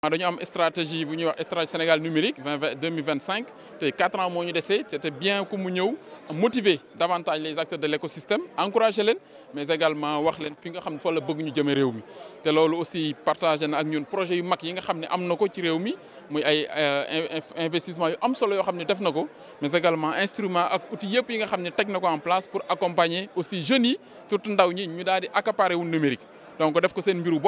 avons ah, une stratégie bu Sénégal numérique 2025. mille 4 ans de décès, c'était bien que motiver davantage les acteurs de l'écosystème encourager les mais également wax les fi nga xam ne nous la bëgg ñu Nous aussi partagé un projet qui a été nga xam ne investissement mais également instrument ak outils yëpp yi nga en place pour accompagner aussi jeunes qui surtout ndaw ñi accaparer numérique donc def ko seen mbiru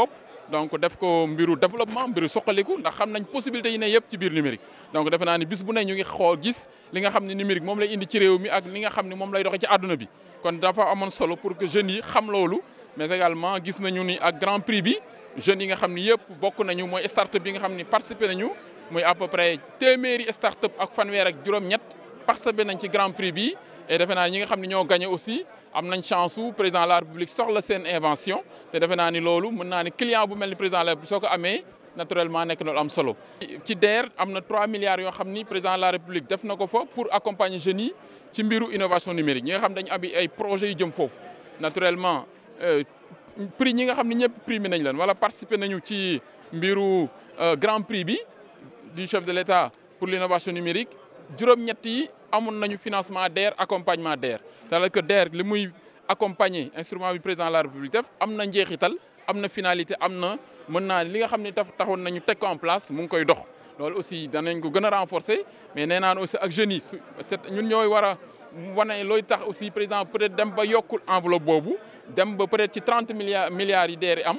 donc def ko mbiru développement mbiru soqaliku ndax xamnañ possibilité yi ne yépp ci biir numérique donc defe naa ni bis bu ne ñu ngi xol gis li nga xamni numérique mom lay indi ci réew mi ak li nga xamni mom lay doxé ci aduna bi kon dafa amone solo pour que jeune yi xam lolu mais également gis nañu ni ak grand prix bi jeune yi nga xamni yépp bokku nañu moy start-up bi nga xamni participer nañu moy à peu près téméri start-up ak fanweer ak juroom ñet participé nañ ci grand prix bi et defe naa ñi nga xamni ne ñoo gagné aussi am Chansou, chance le président de la république la scène invention te defe naa ni mën ni client bu président de la république naturellement nekk na lu am solo. ci DER 3 milliards de président de la république def pour accompagner jeunes génies ci mbiru innovation numérique ñi nga xam dañu am ay projets naturellement euh, prix ñi nga xam ni nañ au participer euh, grand prix du chef de l'État pour l'innovation numérique amoon nañu financement DER accompagnement DER c'est-à-dire que DER li muy accompagner instrument bi président de la république def am na njeexital finalité am na mën naa li nga xam ne taxoon nañu en place mu ngi koy dox aussi dañu ko gëna renforcer mais nee aussi ak jeunesse yi ñun ñoy wara a loy tax aussi président peut-être dem ba yokul enveloppe bobu dem ba peut-être ci 30 milliards milliards yi DER am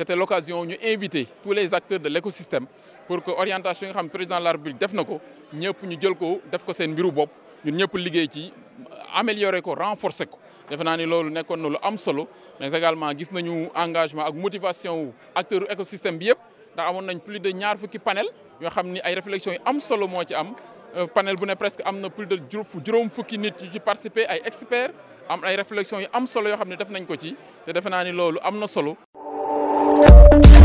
c'était l'occasion de inviter tous les acteurs de l'écosystème pour que l'Orientation xam président de la République nous jël améliorer renforcer Nous avons vu loolu solo mais également gis nañu engagement la motivation wu acteurs écosystème bi yëpp ndax plus de ñaar fukki panel nous vu ay réflexions solo am euh, panel est presque am plus de juróom fukki nit participer ay experts am ay réflexions solo solo Thank you.